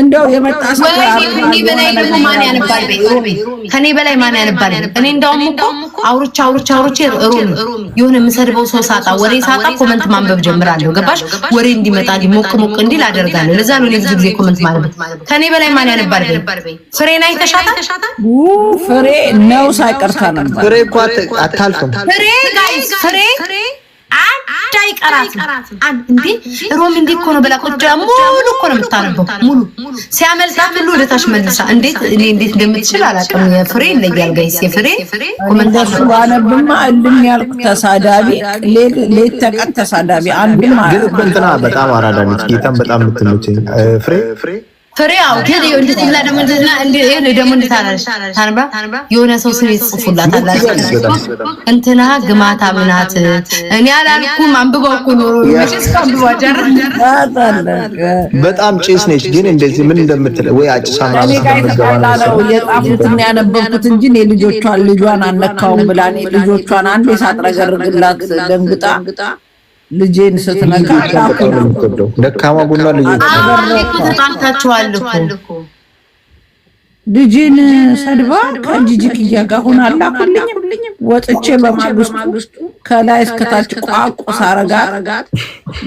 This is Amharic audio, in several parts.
እንደው የመጣ ሰው ከኔ በላይ ማን ያነባል? ከእኔ በላይ ማን ያነባል? እኔ እንደውም እኮ አውርቼ አውርቼ አውርቼ ሩም የሆነ የምሰድበው ሰው ሳጣ ወሬ ሳጣ ኮመንት ማንበብ ጀምራለሁ። ገባሽ? ወሬ እንዲመጣ ሞቅ ሞቅ እንዲል አደርጋለሁ። ለዛ ነው ብዙ ጊዜ ኮመንት ማንበብ። ከኔ በላይ ማን ያነባል? ፍሬ ፍሬን አይተሻታል? ፍሬ ነው ሳይቀርታ ነው ፍሬ እኮ አታልፍም ፍሬ አይቀራትም። እንዴ ሮሚ እንዴ እኮ ነው ብላ ቁጭ ሙሉ እኮ ነው የምታነበው። ሙሉ ሲያመልጣት ሁሉ ወደ መልሳ። እንዴት እኔ እንዴት እንደምትችል አላውቅም። የፍሬ ይለያል ጋይስ። የፍሬ ኮመንታር ባነብማ እልም ያልኩ ተሳዳቢ፣ ሌት ተቀን ተሳዳቢ አንድም ግን እንትና በጣም አራዳ ነች። ጌታም በጣም የምትመቸኝ ፍሬ ፍሬ አዎ፣ ግን እንደዚህ ብላ ደግሞ እንደዚህ ታንባ የሆነ ሰው ስም ይጽፉላታል። እንትና ግማታ ምናት እኔ አላልኩም። አንብበው እኮ ኖሮ በጣም ጭስ ነች። ግን እንደዚህ ምን እንደምትል ወይ አጭሳ የጻፉትን ያነበብኩት እንጂ እኔ ልጆቿን ልጇን አነካውም ብላ ልጆቿን አንዴ ሳጥረገርግላት ደንግጣ ልጄን ስትነካ ደካማ ጎኗ ልጄን ሰድባ ከጂጂክያ ጋር ሆና አላኩልኝም። ወጥቼ በማግስቱ ከላይ እስከታች ቋቁስ አረጋት።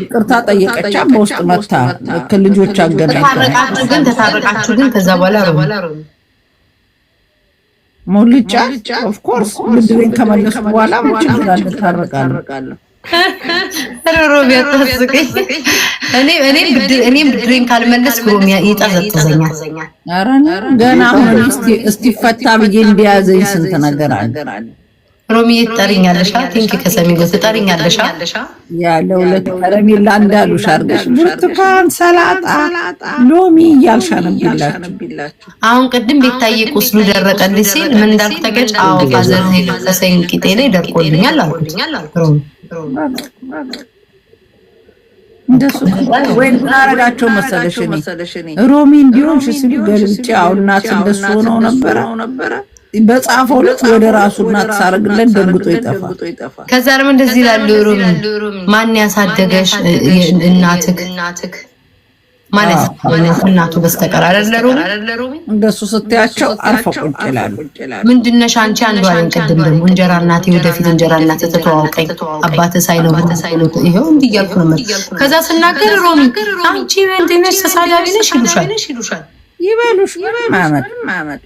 ይቅርታ ጠየቀቻ። በውስጥ መታ ከልጆች አገናኝ ተታረቃችሁ። ግን ከዛ በኋላ ሞልጫ ኦፍኮርስ ምድቤን ከመለሱ በኋላ ችግር አለ ታረቃለሁ ሮሮ ቢያታስቀኝ እኔም ብድሬን ካልመለስኩ ይጠዘጥዘኛል። ገና አሁን ብዬ ስንት ነገር አለ። ትጠሪኛለሻ? ቲንክ ትጠሪኛለሻ? እንዳሉሽ አድርገሽ ብርቱካን፣ ሰላጣ፣ ሎሚ እያልሽ አሁን ቅድም ቤታዬ ቁስሉ ደረቀልኝ ሲል ምን እንዳልተገጭ አዎ፣ ፋዘር ከሰኝ ቂጤ ላይ ደርቆልኛል አልኩት ሮሚ እንደሱ ወይ ምናረጋቸው መሰለሽ እኔ ሮሚ እንዲሆን ሲሉ ገልብጬ አሁን እናት እንደሱ ሆነው ነበረ በጻፈው ልክ ወደ ራሱ እናት ሳረግለን ደንግጦ ይጠፋል። ከዛ ደግሞ እንደዚህ ላሉ ሮሚ ማን ያሳደገሽ እናትክ ማለት ማለት እናቱ በስተቀር አይደለሩ እንደሱ ስትያቸው አርፈው ቁጭ ይላሉ። ምንድነሽ አንቺ አንዱ አይን ቅድም ደግሞ እንጀራ እናቴ ወደፊት እንጀራ እናቴ ተተዋውቀኝ አባት ሳይኖር ሳይኖር ይሄው እንዲህ እያልኩ ነው። ከዛ ስናገር ሮሚ አንቺ ምንድነሽ ተሳዳቢ ነሽ ይሉሻል ይበሉሽ ማመድ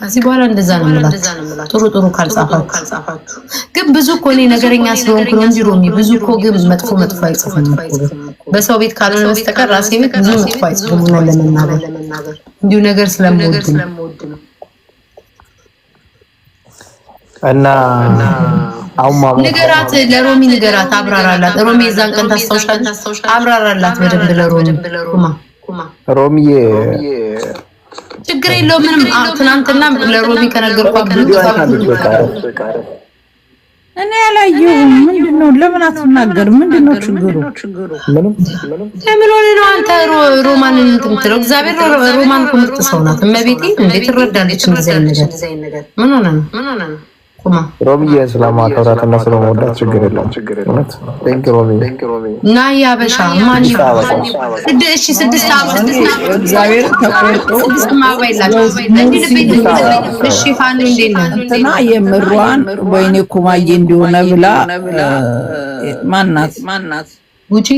ከዚህ በኋላ እንደዛ ነው የምላችሁ። ጥሩ ጥሩ ካልጻፋችሁ ግን ብዙ እኮ እኔ ነገረኛ ስለሆንኩ ነው እንጂ ሮሚ ብዙ እኮ ግን መጥፎ መጥፎ አይጽፍም እኮ በሰው ቤት ካልሆነ በስተቀር ራሴ ቤት ብዙ መጥፎ አይጽፍም። ነው ለመናገር እንዲሁ ነገር ስለምወድ ነው እና ንገራት፣ ለሮሚ ንገራት፣ አብራራላት። ሮሚ የዛን ቀን ታስታውሻለች። አብራራላት በደንብ ለሮሚ ሮሚ ችግር የለውም ምንም። ትናንትና ለሮቢ ከነገርኳት እኔ ያላየሁም ምንድን ነው? ለምን አትናገርም? ምንድን ነው ችግሩ? ለምን ሆነ ነው አንተ ሮማንን እንትን እግዚአብሔር ሮማን እኮ ምርጥ ሰው ናት። እመቤቴ እንዴት ትረዳለች? ምን ሆነ ነው? ሮሚዬ ስለማከብራት እና ስለመወዳት ችግር የለም። እና ያበሻ ማን እሺ፣ ስድስት እግዚአብሔር ተቆርጦ እንትና የምሯን ወይኔ ኩማዬ እንዲሆነ ብላ ማናት ማናት ጉቺ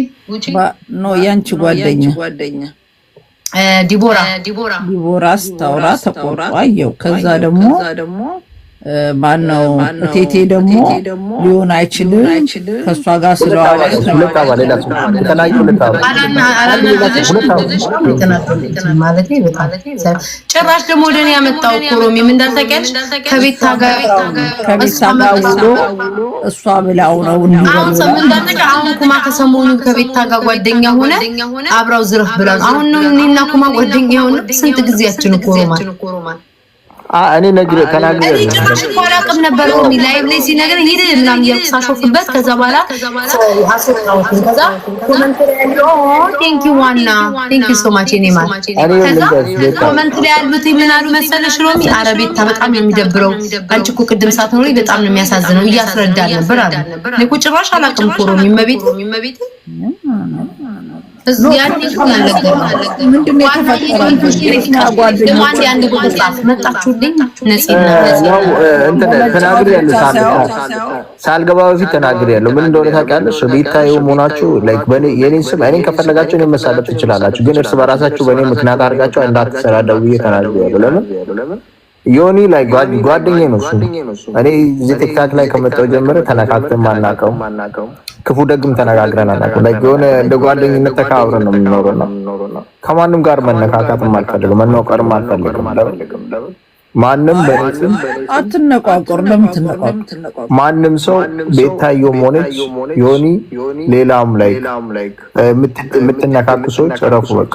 ኖ ያንቺ ጓደኛ ዲቦራ ዲቦራ ስታውራ ተቆርጦ አየው። ከዛ ደግሞ ማነው ቴቴ ደግሞ ሊሆን አይችልም። ከእሷ ጋር ስለዋለ ደግሞ ወደ እኔ ያመጣው ኮሮሚ ምን እንዳልተቀጭ ከቤታ ጋር ውሎ እሷ ብላው ነው አሁን ኩማ ከሰሞኑ ከቤታ ጋር ጓደኛ ሆነ አብረው ዝርፍ ብላ አሁን ነው እኔና ኩማ ጓደኛ የሆነ ስንት ጊዜያችን ኮሮማል እኔ ነግሬ ተናግሬ ጭራሽ እኮ አላውቅም ነበር። ሆሚ ላይቭ ላይ ሲነግረኝ ሂድ ምናምን እያልኩ ከዛ በኋላ ቴንክ ዋና ሶ ማች ኔ ማ ከዛ ኮመንት ላይ ያሉት ምን አሉ መሰለሽ ሮሚ፣ ቤታ በጣም የሚደብረው አንቺ እኮ ቅድም ሳትኖሪ በጣም ነው የሚያሳዝነው ነበር እኔ እኮ ጭራሽ አላውቅም እኮ ሮሚ መቤት ሳልገባ በፊት ተናግሬያለሁ። ምን እንደሆነ ታውቂያለሽ? ቤታዬ መሆናችሁ የኔን ስም እኔን ከፈለጋችሁ እኔን ትችላላችሁ፣ ግን እርስ በራሳችሁ በእኔ ምክንያት አድርጋችሁ እንዳትሰዳደቡ ብዬ ለምን ዮኒ ላይ ጓደኛዬ ነው እሱ። እኔ እዚህ ቲክታክ ላይ ከመጣሁ ጀምሮ ተነካክተን ማናውቀው ክፉ ደግም ተነጋግረናል። ላይክ የሆነ እንደ ጓደኝነት ተከባብረን ነው የምንኖረው ነው ከማንም ጋር መነካካትም አልፈልግም፣ መናቆርም አልፈልግም። ማንም በስም አትነቋቆር። ለምትነቋቆር ማንም ሰው ቤታየውም ሆነች ዮኒ ሌላም ላይ የምትነካክሶች እረፉ በቃ።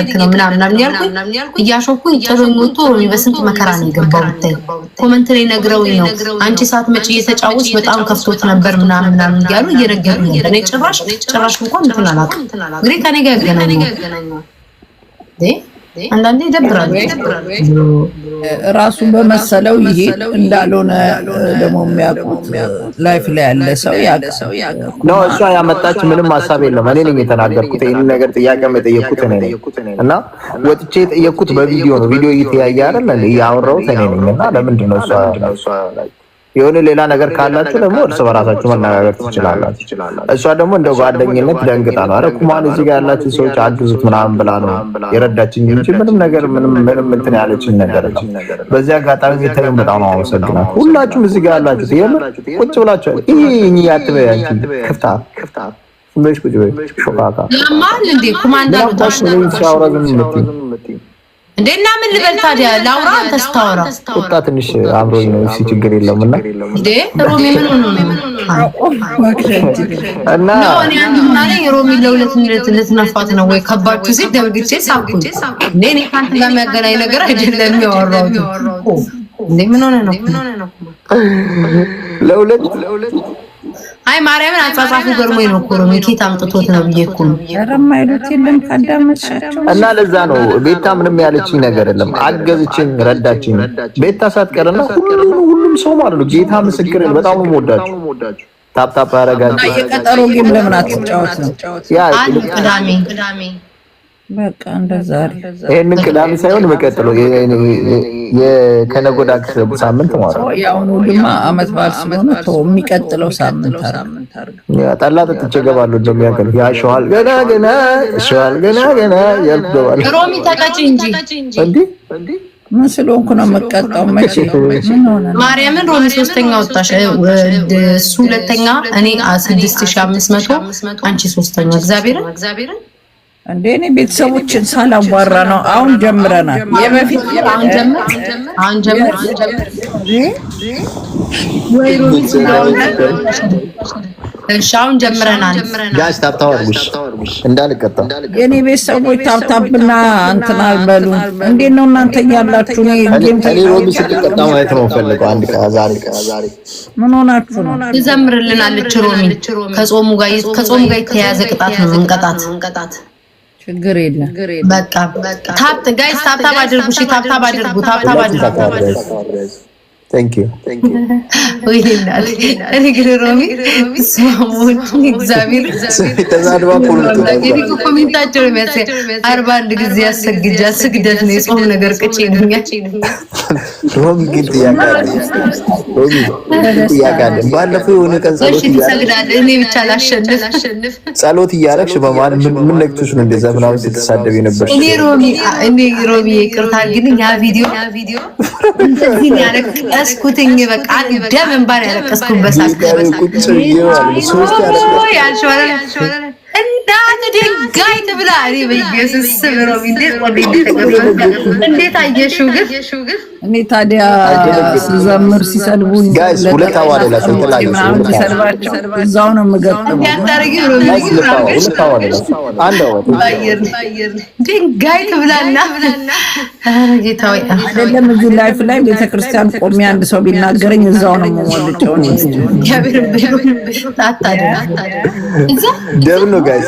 ሁለት ነው ምናምን ያልኩ እያሾኩኝ ጥሎኝ ሞቶ በስንት መከራ ነው የገባው። ብታይ ኮመንት ላይ ነግረውኝ ነው አንቺ ሰዓት መጪ እየተጫወች በጣም ከፍቶት ነበር ምናምን ምናምን እያሉ እየነገሩ ነበር። ጭራሽ ጭራሽ እንኳን እንትን አላውቅም። እንግዲህ ከኔ ጋር ያገናኘው አንዳንዴ ይደብራል ራሱን በመሰለው ይሄ እንዳልሆነ ደግሞ የሚያውቁት ላይፍ ላይ ያለ ሰው ነው። እሷ ያመጣች ምንም ሀሳብ የለም። እኔ ነኝ የተናገርኩት ይህን ነገር ጥያቄም የጠየቅኩት እኔ ነኝ እና ወጥቼ የጠየቅኩት በቪዲዮ ነው። ቪዲዮ እየተያየ አለ እያወራሁት እኔ ነኝ እና ለምንድን ነው እሷ የሆነ ሌላ ነገር ካላችሁ ደግሞ እርስ በራሳችሁ መነጋገር ትችላላችሁ። እሷ ደግሞ እንደ ጓደኝነት ደንግጣ ነው አረ ኩማን እዚህ ጋር ያላችሁ ሰዎች አግዙት ምናምን ብላ ነው የረዳችኝ እንጂ ምንም ነገር ምንም ምንም እንትን ያለችን ነገር ነው። በዚህ አጋጣሚ ቤተሰብን በጣም አመሰግናት ሁላችሁም እዚህ ጋር ያላችሁት ይ ቁጭ ብላችሁ ይህ እኝ ያንቺ ክፍታ ትንሽ ቁጭ በይ ሾቃታ ማን እንዴ ኩማንዳ ነው ታሽ ነው ሲያወራ ግን ምትይ እንዴና ምን ልበል ታዲያ? ላውራ አንተስ ታውራ። ቁጣ ትንሽ አብሮኝ ነው። እሺ ችግር የለውም። እና እንዴ ሮሚ ምን ሆኖ ነው? እና እኔ አንዱና ነኝ። ሮሚ ለሁለት ሚለት ልትነፋት ነው ወይ ከባችሁ ሲል ደንግጬ ሳኩኝ። እኔ እኔ ካንተ ጋር የሚያገናኝ ነገር አይደለም ያወራሁት። እንዴ ምን ሆነ ነው? ለሁለት ለሁለት አይ ማርያምን አጻጻፉ ገርሞኝ ነው እኮ ሮሚ ኬት አምጥቶት ነው ብዬ እኮ ነው። ኧረ የማይሉት የለም ካዳመጥሻቸው እና ለዛ ነው ቤታ ምንም ያለችኝ ነገር የለም። አገዝችኝ፣ ረዳችኝ ቤታ ሳትቀርና ሁሉም ሁሉም ሰው ማለት ነው። ጌታ ምስክር በጣም ነው የምወዳችሁ። ታፕ ታፕ አረጋችሁ። የቀጠሮ ጌም ለምን አትጫወት ነው ያ ቅዳሜ በቃ እንደዛ አይደል? ቅዳሜ ሳይሆን በቀጥለው የከነጎዳ ሳምንት ማለት ነው። ያሁን አመት በዓል ስለሆነ የሚቀጥለው ሳምንት አድርግ። ጠላ ጠጥቼ እገባለሁ። እንደሚያቀል ያሸዋል ገና ገና ሸዋል ገና ገና ያልኩ እገባለሁ። ሮሚ ተቀጭ እንጂ እንዲህ ምን ስለሆንኩ ነው የምቀጣው? መቼ ማርያምን ሮሚ ሶስተኛ ወጣሽ፣ እሱ ሁለተኛ፣ እኔ ስድስት ሺህ አምስት መቶ አንቺ ሶስተኛ እግዚአብሔርን እንዴ እኔ ቤተሰቦችን ሳላዋራ ነው። አሁን ጀምረናል። የበፊት አሁን ጀምር አሁን ጀምር አሁን ጀምር። እሺ አሁን ጀምረናል። ጋሽ ታብታብ አድርጉሽ እንዳልቀጣ። የኔ ቤተሰቦች ታብታብና እንትን አልበሉ። እንዴት ነው እናንተ እያላችሁ እኔ ጌም ተሌሎብሽ ልቀጣ ማለት ነው ፈልገው አንድ ዛሬ ዛሬ ምን ሆናችሁ ነው? ትዘምርልናለች ሮሚ ከጾሙ ጋር ከጾሙ ጋር የተያያዘ ቅጣት ነው እንቀጣት እንቀጣት ችግር የለም። በጣም ታፕ ጋይስ ታፕ ታፕ አድርጉ። ታፕ ታፕ አድርጉ። ታፕ ታፕ አድርጉ። ኮሜንታቸው አርባ አንድ ጊዜ ያሰግጃ ስግደት ነው የጾም ነገር ቅጭ ሮሚ ግን ጸሎት እያረግሽ በመሀል ምን ነግቶሽ ነው እንደዛ ምናምን ስትሳደብ ነበር? እኔ ሮሚ ይቅርታ ግን ያ ቪዲዮ ያለቀስኩትኝ በቃ ደም እንባን ያለቀስኩበት እንዳት ድንጋይ ትብላ። እንዴት አየሽው? ግን እኔ ታዲያ ስዘምር ሲሰልቡኝ እዛው ነው ድንጋይ ትብላና አይደለም እዚህ ላይፍ ላይ ቤተክርስቲያን ቆሜ አንድ ሰው ቢናገረኝ እዛው ነው የምሞልጨው። ደብ ነው ጋይስ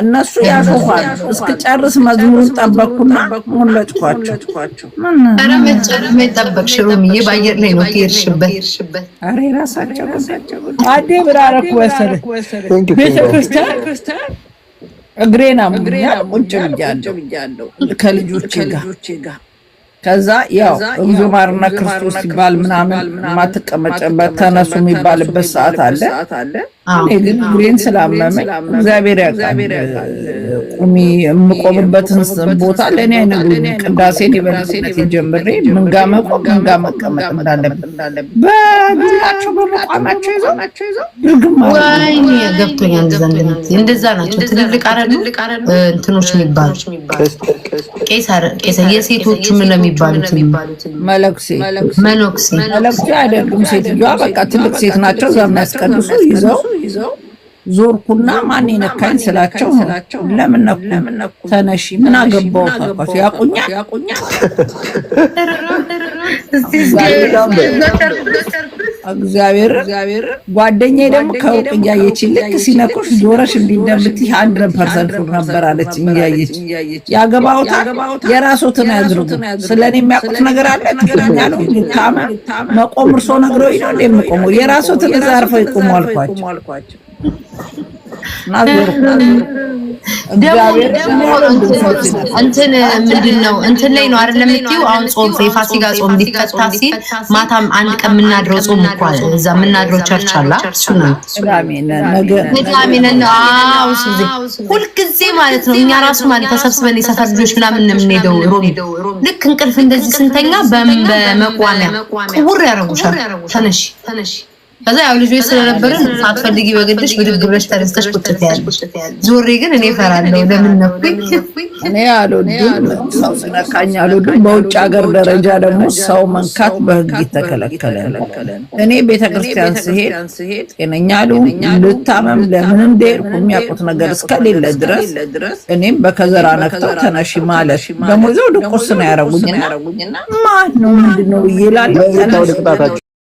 እነሱ ያሾኋል። እስክጨርስ መዝሙሩን ጠበቅኩና ሆን ኧረ መጨረሻ የጠበቅሽ ሮምዬ በአየር ላይ ነው ትሄድሽበት። ኧረ የራሳቸው አዴ ብራረ እኮ መሰለኝ ቤተክርስቲያን ቁጭ ብያለሁ ከልጆቼ ጋር ከዛ ያው እግዚኦ ማርና ክርስቶስ ሲባል ምናምን የማትቀመጭበት ተነሱ የሚባልበት ሰዓት አለ እኔ ግን እግሬን ስላመመኝ እግዚአብሔር ያውቃል። ቁሚ የምቆምበትን ቦታ ለእኔ አይነግሩኝ። ቅዳሴን የበለሴን ጀምሬ ምንጋ መቆም ምንጋ መቀመጥ እንዳለብን በግላቸው በመቋማቸው ይዘው ድርግም ወይ ገብቶኛል። እንደዛ እንደምትይ እንደዛ ናቸው ትልልቅ አረልቅ እንትኖች የሚባሉ ቄስ የሴቶቹ ምን የሚባሉት መለኩሴ መለኩሴ መለኩሴ አይደሉም። ሴትዮዋ በቃ ትልቅ ሴት ናቸው። እዛ የሚያስቀድሱ ይዘው ይዘው ዞርኩና ማን የነካኝ ስላቸው ለምን ነኩ ተነሺ ምን አገባው ታቋት ያቁኛ ያቁኛ እግዚአብሔር እግዚአብሔር ጓደኛዬ ደግሞ ከውቅ እያየች ልክ ሲነቁሽ ዞረሽ እንዲደምት ይህ አንድረን ፐርሰንት ነበር አለች። እያየች ያገባውታ የራሶትን ያዝርጉ ስለ እኔ የሚያውቁት ነገር አለ ትለኛለ። ልታመ መቆም እርሶ ነግረው ነው የምቆሙ የራሶትን እዛ አርፈው ይቆሙ አልኳቸው። እንትን ምንድን ነው እንትን ላይ ነው አይደለም የምትይው? አሁን ጾም የፋሲካ ጾም ሊፈታ ሲል ማታም አንድ ቀን የምናድረው ጾም እኮ አለ። እዛ የምናድረው ቸርች አላ እሱ ነው ቅዳሜነን። ሁልጊዜ ማለት ነው እኛ ራሱ ማለት ተሰብስበን የሰፈር ልጆች ምናምን የምንሄደው ሮሚ። ልክ እንቅልፍ እንደዚህ ስንተኛ በመቋሚያ ቅውር ያደረጉሻል። ተነሽ ከዛ ያው ልጆች ስለነበርን ሳትፈልጊ በግድሽ ብድግ ብለሽ ተነስተሽ ቁጭ ትያለሽ። ዞሬ ግን እኔ እፈራለሁ። ለምን ነኩኝ? እኔ አልወድም፣ ሰው ሲነካኝ አልወድም። በውጭ ሀገር ደረጃ ደግሞ ሰው መንካት በህግ የተከለከለ ነው። እኔ ቤተክርስቲያን ስሄድ ጤነኛ ልሁን ልታመም ለምን እንደሄድኩ የሚያውቁት ነገር እስከሌለ ድረስ እኔም በከዘራ ነክተው ተነሺ ማለት ደግሞ ይዘው ድቁስ ነው ያደረጉኝና ማን ነው ምንድን ነው ይላል።